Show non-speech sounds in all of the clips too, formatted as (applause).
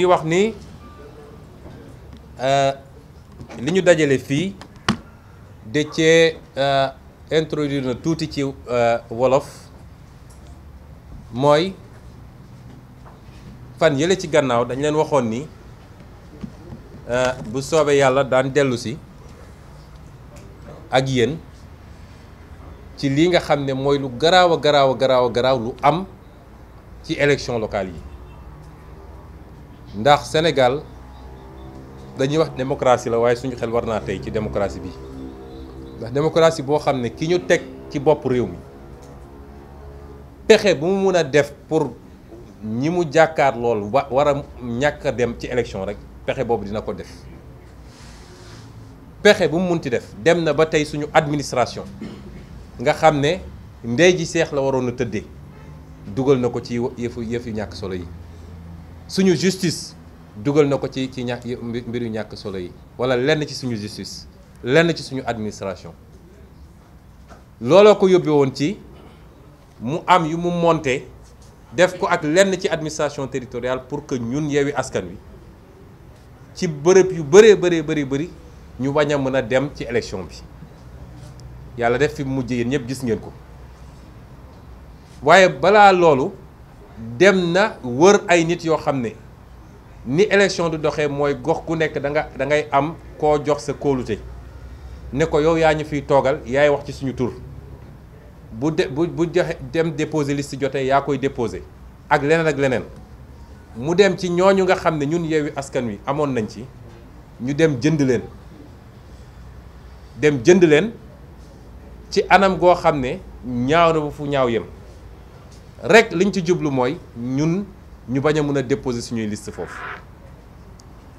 ñuy wax ni euh, li ñu dajale fii Déthié euh, introduire na tuuti ci euh, wolof mooy fan yële ci gannaaw dañ leen waxoon ni bu soobee yàlla daan dellu si ak yéen ci lii nga xam ne mooy lu garaaw a garaaw garaaw a garaaw lu am ci élection locale yi ndax Sénégal dañuy wax démocratie la waaye suñu xel war naa tey ci démocratie bi ndax démocratie boo xam ne ki ñu teg ci bopp réew mi pexe bu mu mun a def pour ñi mu jàkkaar lool wa war a ñàkk a dem ci élection rek pexe boobu dina ko def pexe bu mu mun munti def dem na ba tey suñu administration nga xam ne ndey ji seex la waroon a tëddee dugal na ko ci yëfu yëfu ñàkk solo yi suñu justice dugal na ko ci ci ñàkk mbir yu ñàkk solo yi wala lenn ci suñu justice lenn ci suñu administration looloo ko yóbbe woon ci mu am yu mu monté def ko ak lenn ci administration territoriale pour que ñun yewi askan wi ci bërëb yu bëree bëree bëri bëri ñu wañ a mën a dem ci élection bi yàlla def fi mujj yéen ñëpp gis ngeen ko waaye balaa loolu dem na wër ay nit yoo xam ne ni élection du doxee mooy gox ku nekk danga dangay am koo jox sa kóolute ne ko yow yaa ñu fiy toogal yaay wax ci suñu tur bu de bu bu joxe dem déposer liste jotee yaa koy déposer ak leneen ak leneen mu dem ci ñooñu nga xam ne ñun Yewwi Askan Wi amoon nañ ci ñu dem jënd leen dem jënd leen ci anam goo xam ne ñaaw na bu fu ñaaw yem rek liñ ci jublu mooy ñun ñu bañ a mun a déposer suñuy liste foofu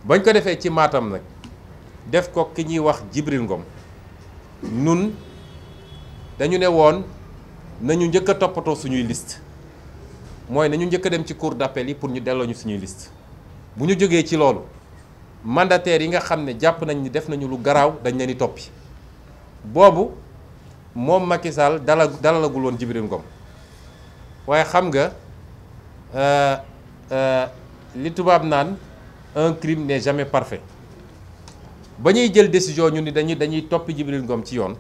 bañ ko defee ci maatam nag def ko ki ñuy wax Jibril Ngom nun dañu ne woon nañu njëkk a toppatoo suñuy list mooy nañu njëkk dem ci cour d'appel yi pour ñu delloo ñu suñuy liste bu ñu jógee ci loolu mandataires yi nga xam ne jàpp nañ ni def nañu lu garaaw dañ leen di toppi boobu moom Macky Sall dala dalalagul woon Jibril Ngom waaye xam nga euh, euh, li tubaab naan un crime n'est jamais parfait ba ñuy jël décision ñu ni dañuy dañuy topp Jibril Ngom ci yoon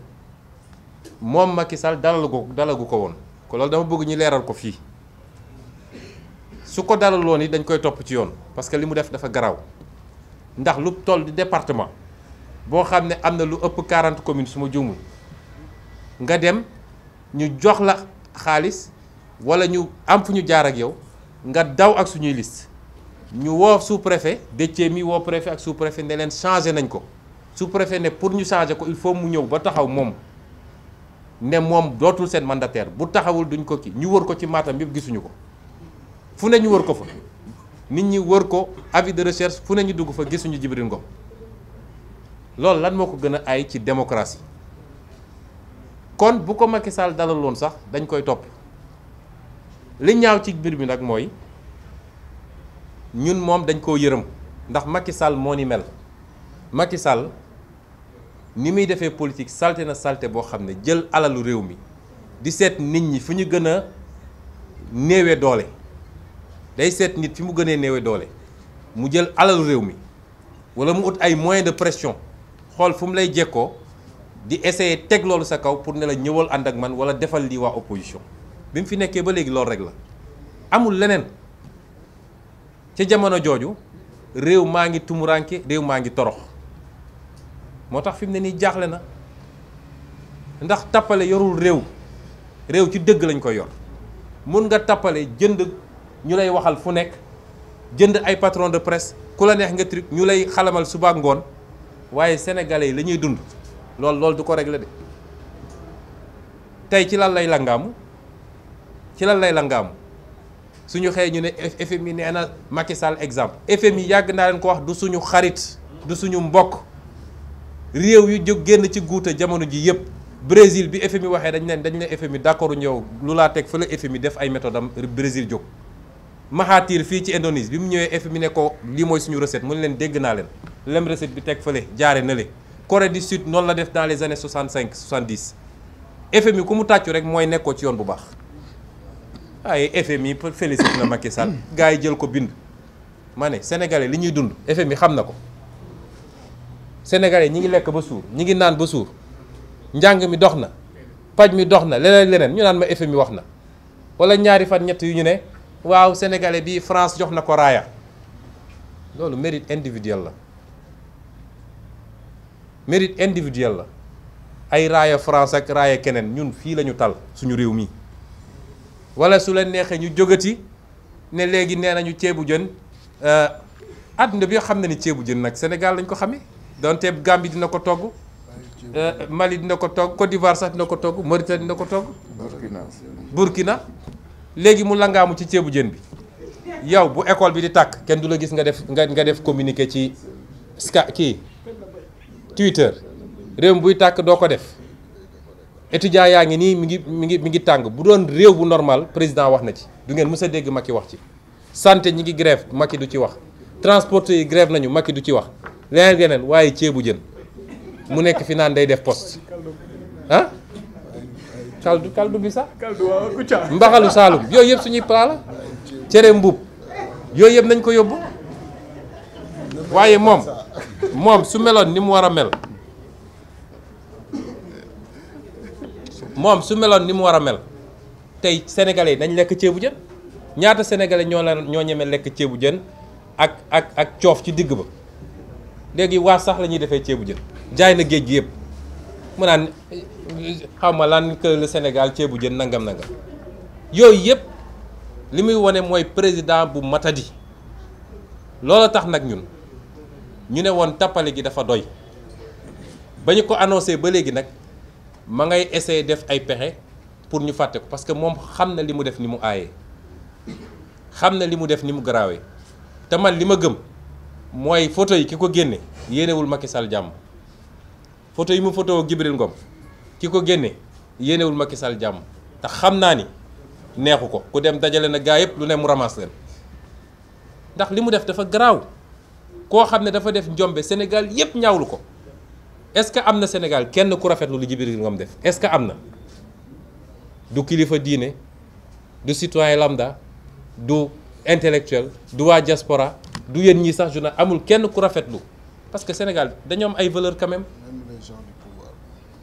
moom Macky Sall dalagu ko dalagu ko woon ko loolu dama bëgg ñu leeral ko fii su ko dalaloon yi dañ koy topp ci yoon parce que li mu def dafa garaaw ndax lu toll di département boo xam ne am na lu ëpp quarante commune suma ma nga dem ñu jox la xaalis wala ñu am fu ñu jaar ak yow nga daw ak suñuy liste ñu woo sous-préfet Déthié mi woo préfet ak sous-préfet ne leen changé nañ ko sous-préfet ne pour ñu changé ko il faut mu ñëw ba taxaw moom ne moom dootul seen mandataire bu taxawul duñ ko ki ñu wër ko ci Matam yëpp gisuñu ko fu ne ñu wër ko fa nit ñi wër ko avis de recherche fu ne ñu dugg fa gisuñu Djibril Ngom loolu lan moo ko gën a ay ci démocratie kon bu ko Macky Sall dalaloon sax dañ koy topp li ñaaw ci mbir bi nag mooy ñun moom dañ koo yërëm ndax Macky Sall moo ni mel Macky Sall ni muy defee politique salte na salte boo xam ne jël alalu réew mi di seet nit ñi fu ñu gën a néewee doole day seet nit fi mu gënee néewee doole mu jël alalu réew mi wala mu ut ay moyens de pression xool fu mu lay jekkoo di essayer teg loolu sa kaw pour ne la ñëwal ànd ak man wala defal lii waa opposition bi mu fi nekkee ba léegi loolu rek la amul leneen ca jamono jooju réew maa ngi tumuraanke réew maa ngi torox moo tax fi ne nii jaaxle na ndax tappale yorul réew réew ci dëgg lañ ko yor mun nga tappale jënd ñu lay waxal fu nekk jënd ay patron de presse ku la neex nga truc ñu lay xalamal suba ngoon waaye sénégalais yi lañuy dund lool loolu du ko régler de tey ci lan lay langaamu ci lan lay la nga am suñu xëyee ñu ne FMI nee na Macky Sall exemple FMI yàgg naa leen ko wax du suñu xarit du suñu mbokk réew yu ju génn ci guuta jamono ji yëpp Brésil bi FMI waxee dañ leen dañ ne FMI d'accord ñëw lu laa teg fa la FMI def ay méthode am Brésil jóg Mahathir fii ci Indonésie bi mu ñëwee FMI ne ko lii mooy suñu recette mu ne leen dégg naa leen lem recette bi teg fële jaare na le du Sud noonu la def dans les années 65 70 FMI ku mu tàccu rek mooy ci yoon bu baax ay ah, FMI félicite na Macky Sall hmm. gars yi jël ko bind ma ne sénégalais li ñuy dund FMI xam na ko sénégalais ñi ngi lekk ba suur ñi ngi naan ba suur njàng mi dox na paj mi dox na leneen leneen ñu naan ma FMI wax na wala ñaari fan ñett yu ñu ne waaw sénégalais bi France jox na ko raaya loolu mérite individuel la mérite individuel la ay raaya France ak raaya keneen ñun fii lañu tal suñu réew mi wala su leen neexee ñu jógati ne léegi nee nañu ceebu jën euh, àdduna bi xam na ni ceebu jën nag Sénégal lañ ko xamee donte Gambie dina ko togg euh, Mali dina ko togg Côte d'Ivoire sax dina ko togg Mauritanie dina ko togg Burkina léegi mu langaamu ci ceebu jën bi yow bu école bi di tàkk kenn du la gis nga def nga nga def communiqué ci ska kii Twitter réew buy tàkk doo ko def étudiant yaa ngi nii mi ngi mi ngi mi ngi tàng bu doon réew bu normal président wax na ci du ngeen mës dégg dégg Macky wax ci santé ñi ngi grève Macky du ci wax transporteurs yi grève nañu Macky du ci wax leneen leneen waaye céebu jën mu nekk fi naan day def post ah kaldu kaldu bi sax mbaxalu saalum yooyu yëpp suñuy plat cere mbub yooyu yëpp nañ ko yóbbu waaye moom moom su meloon ni mu war a mel moom su meloon ni mu war a mel tey sénégalais yi nañ lekk ceebu jën ñaata sénégalais ñoo la ñoo ñeme lekk ceebu jën ak ak ak coof ci digg ba léegi waa sax lañuy defee ceebu jën jaay na géej gi yëpp mu naan xaw lan que le Sénégal ceebu jën nangam nangam yooyu yëpp li muy wane mooy président bu matadi loola tax nag ñun ñu ne woon tappale gi dafa doy ba ñu ko annoncé ba léegi nag. ma ngay essayer def ay pexe pour ñu fàtte ko parce que moom xam na li mu def ni mu aaye xam na li mu def ni mu garaawee te man li ma gëm mooy photo yi ki ko génne yéenewul Macky Sall jàmm photo yi mu photo Gibril Ngom ki ko génne yéenewul Macky Sall jàmm te xam naa ni neexu ko ku dem dajale na gaa yëpp lu ne mu ramasse leen ndax li mu def dafa garaaw koo xam ne dafa def njombe Sénégal yëpp ñaawlu ko est-ce que am na Sénégal kenn ku rafetlu lu biir Ngom def est-ce que am na du kilifa diine du citoyen lambda du intellectuel du waa diaspora du yéen ñii sax journal amul kenn ku rafetlu parce que Sénégal dañoo am ay valeur quand même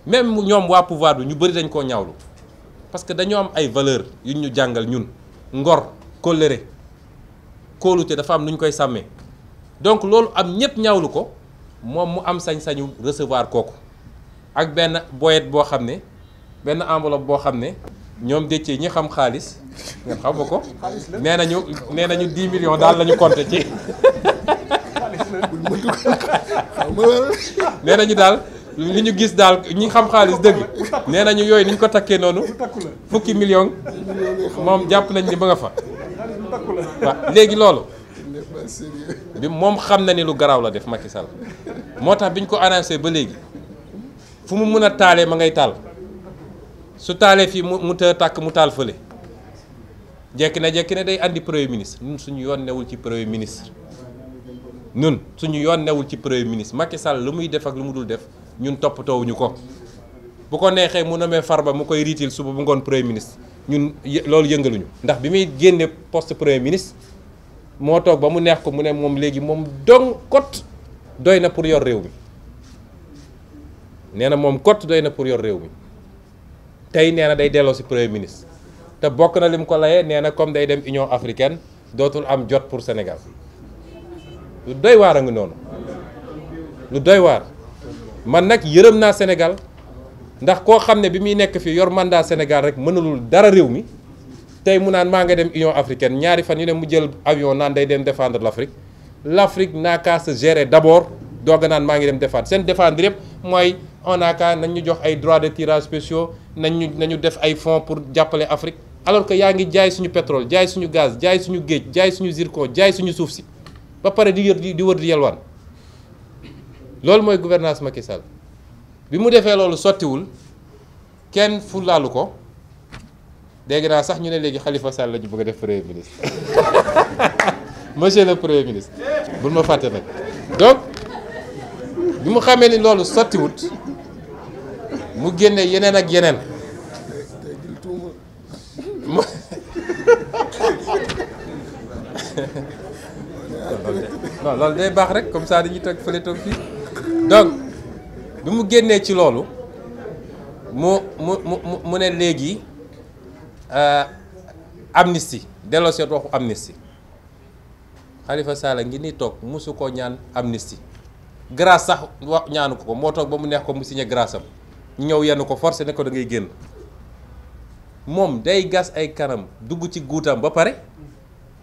même ñoom waa pouvoir bi ñu bëri dañ koo ñawlu parce que dañoo am ay valeur yu ñu jàngal ñun ngor kóllëre kóolute dafa am lu ñu koy sàmmee donc loolu am ñëpp ñaawlu ko moom mu am sañ-sañu recevoir kooku ak benn boyet boo xam ne benn enveloppe boo xam ne ñoom dëcce ñi xam xaalis nga xam nga ko nee nañu nee nañu 10 millions daal lañu ñu compté ci nee nañu daal li ñu gis daal ñi xam xaalis dëgg nee nañu yooyu ni ñu ko takkee noonu fukki millions moom jàpp nañ ni ba nga fa waaw léegi loolu bi moom xam na ni lu garaaw la def Macky Sall moo tax bi ñu ko annoncé ba léegi fu mu mun a taalee ma ngay taal su taalee fii mu mu tàkk mu taal fële jekki na jekki na day andi premier ministre ñun suñu yoon newul ci premier ministre ñun suñu yoon newul ci premier ministre Macky Sall lu muy def ak lu mu dul def ñun toppatoowuñu ko bu ko neexee mu far ba mu koy riitil suba bu ngoon premier ministre ñun loolu yëngaluñu ndax bi muy génne poste premier ministre moo toog ba mu neex ko mu ne moom léegi moom dong kot doy na pour yor réew mi nee na moom kot doy na pour yor réew mi tey nee na day delloo si premier ministre te bokk na li mu ko layee nee na comme day dem Union africaine dootul am jot pour Sénégal lu doy waar a ngi noonu lu doy waar man nag yërëm naa Sénégal ndax koo xam ne bi muy nekk fii yor mandat Sénégal rek mënalul dara réew mi tey mu naan maa nga dem Union africaine ñaari fan yu ne mu jël avion naan day dem défendre l' Afrique l' Afrique n'a qu'à se d' abord doog naan maa ngi dem defaat seen défendre yëpp mooy on a qu'à nañ ñu jox ay droits de tirage spéciaux nañ ñu nañu def ay fonds pour jàppale Afrique alors que yaa ngi jaay suñu pétrole jaay suñu gaz jaay suñu géej jaay suñu zircon jaay suñu suuf si ba pare di wër di wër di yelwaan loolu mooy gouvernance Macky Sall bi mu defee loolu sottiwul kenn fulaalu ko. dégg naa sax ñu ne léegi xalifa Sall la ñu bëgg def premier ministre (laughs) monsieur le premier ministre bul ma fàtte nag donc bi mu xamee ni loolu sottiwut mu génne yeneen ak yeneen non loolu day baax rek comme ça dañuy toog fële fii donc bi mu génnee ci loolu mu mu mu mu ne léegi Euh, amnistie delloo seet waxu amnistie Khalifa Sall ngi ni toog mosu koo ñaan amnistie grâce sax wax ñaanu ko ko moo toog ba mu neex ko mu signé grâce ñu ñëw yenn ko forcé ne ko dangay génn moom day gas ay kanam dugg ci guutam ba pare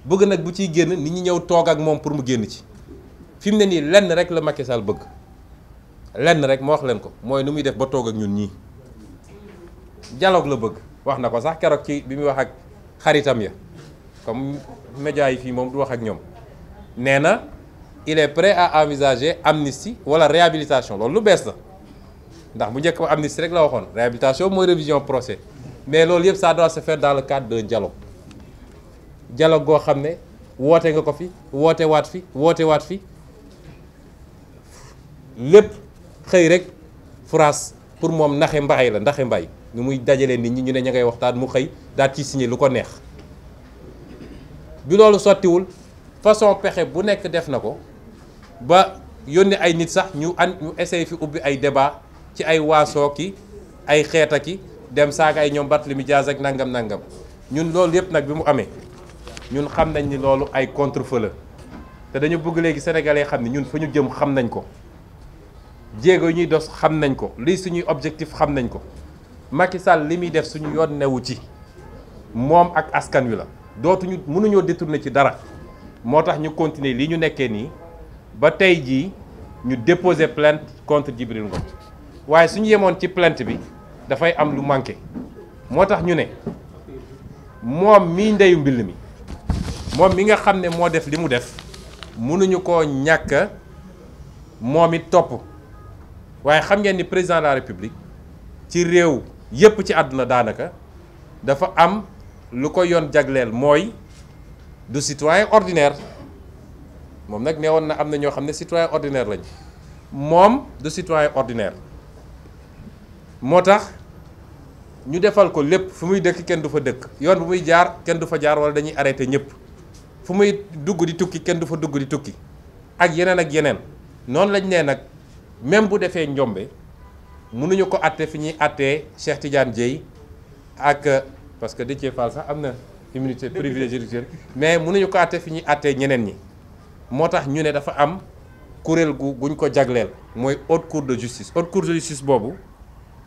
bëgg nag bu ciy génn nit ñu ñëw toog ak moom pour mu génn ci fi mu ne nii lenn rek la Macky Sall bëgg lenn rek ma wax leen ko mooy nu muy def ba toog ak ñun ñii dialogue la bëgg wax na ko sax keroog ci bi muy wax ak xaritam ya comme médias yi fii moom du wax ak ñoom nee na il est prêt à envisager amnistie wala réhabilitation loolu lu bees la ndax bu njëkk ba amnistie rek la waxoon réhabilitation mooy révision procès mais loolu yëpp ça doit se faire dans le cadre d'un dialogue goo xam ne wootee nga ko fi woote waat fi woote waat fi lépp xëy rek France pour moom naxe mbaay la ndaxi mbaay ni muy dajalee nit ñi ñu ne ña ngay waxtaan mu xëy daal ci signé lu ko neex bi loolu sottiwul façon pexe bu nekk def na ko ba yónni ay nit sax ñu an ñu essayé fi ubbi ay débat ci ay waasoo ki ay xeeta ki dem saaga ay ñoom Barthélémy Dias ak nangam nangam ñun loolu yëpp nag bi mu amee ñun xam nañ ni loolu ay contre-feu te dañu bugg léegi sénégalais xam ni ñun fa ñu jëm xam nañ ko jéego yi ñuy dos xam nañ ko lii suñuy objectif xam nañ ko Macky Sall li muy def suñu yoon newu ci moom ak askan wi la dootuñu mënuñoo détourner ci dara moo tax ñu continuer li ñu nekkee nii ba tey jii ñu déposer plainte contre Djibril Ngom waaye suñu yemoon ci plainte bi dafay am lu manqué moo tax ñu ne moom mii ndeyu mbill mi moom mi nga xam ne moo def li mu def mënuñu ko ñàkk moom it topp waaye xam ngeen ni président la république ci réew yépp ci àdduna daanaka dafa am lu ko yoon jagleel mooy du citoyen ordinaire moom nag nee woon na am na ñoo xam ne citoyen ordinaire lañ moom du citoyen ordinaire moo tax ñu defal ko lépp fu muy dëkk kenn du fa dëkk yoon bu muy jaar kenn du fa jaar wala dañuy arrêté ñëpp fu muy dugg di tukki kenn du fa dugg di tukki ak yeneen ak yeneen noonu lañ nee nag même bu defee njombe mënuñu ko atte fi ñuy attee Cheikh Tidiane Dieye ak parce que Déthié Fall sax am na immunité privilégiée judiciaire mais mënuñu ko atte fi ñuy attee ñeneen ñi moo tax ñu ne dafa am kuréel gu guñ ko jagleel mooy haute cour de justice haute cour de justice boobu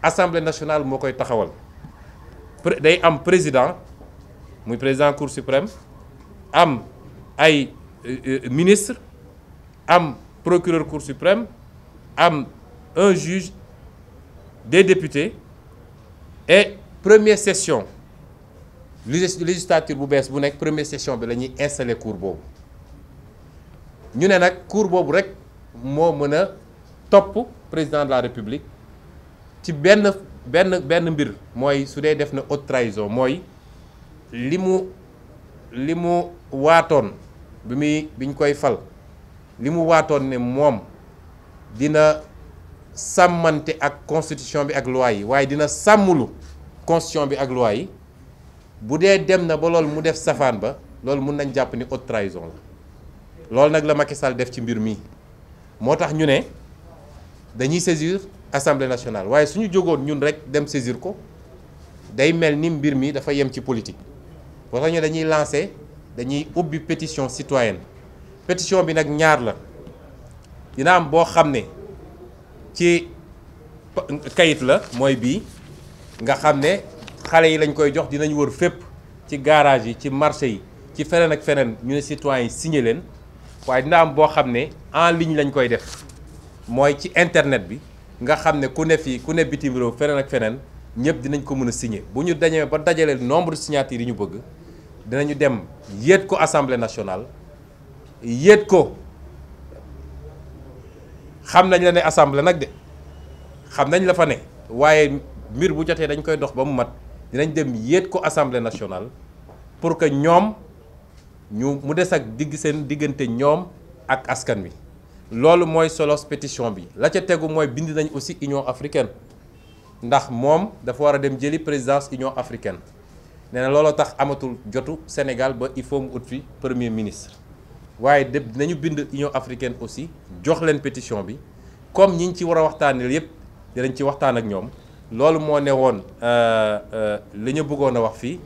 assemblée nationale moo koy taxawal day am président muy président cour suprême am ay euh, euh, ministre am procureur cour suprême am un juge des députés et première session législature bu bees bu nekk premier session bi la ñuy installé cour boobu ñu ne nag cour boobu rek moo mën a topp président de la république ci benn benn benn mbir mooy su dee def na haute trahison mooy li mu li mu waatoon bi muy biñ koy fal li mu waatoon ne moom dina sàmmante ak constitution bi ak loi yi waaye dina sàmmulu constitution bi ak loi yi bu dee dem na ba loolu mu def safaan ba loolu mun nañ jàpp ni haute trahison la loolu nag la Macky Sall def ci mbir mi moo tax ñu ne dañuy saisir assemblée nationale waaye suñu jógoon ñun rek dem saisir ko day mel ni mbir mi dafa yem ci politique moo tax ñu dañuy lancer dañuy ubbi pétition citoyenne pétition bi nag ñaar la dina am boo xam ne ci kayit la mooy bii nga xam ne xale yi lañ koy jox dinañu wër fépp ci garage yi ci marché yi ci feneen ak feneen ñu ne citoyens yi signé leen waaye dina am boo xam ne en ligne lañ koy def mooy ci internet bi nga xam ne ku ne fii ku ne bitim réew feneen ak feneen ñëpp dinañ ko mën a signé bu ñu dañee ba dajalee nombre de yi ñu bëgg dinañu dem yéet ko assemblée nationale yéet ko. xam nañ la ne assemblée nag de xam nañ la fa ne waaye mbir bu jotee dañ koy dox ba mu mat dinañ dem yéet ko assemblée nationale pour que ñoom ñu mu des ak digg seen diggante ñoom ak askan wi loolu mooy solos pétition bi la ca tegu mooy bind nañ aussi Union africaine ndax moom dafa war a dem jëli présidence Union africaine nee na looloo tax amatul jotu Sénégal ba il faut mu ut fi premier ministre waaye de nañu bind Union africaine aussi jox leen pétition bi comme ñi ñu ci war a waxtaanee yëpp dinañ ci waxtaan ak ñoom loolu moo ne woon euh, euh, li ñu bëggoon a wax fii.